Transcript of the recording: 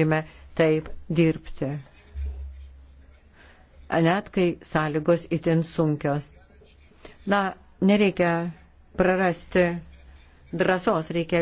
turime taip dirbti. Net kai sąlygos itin sunkios. Na, nereikia prarasti drąsos, reikia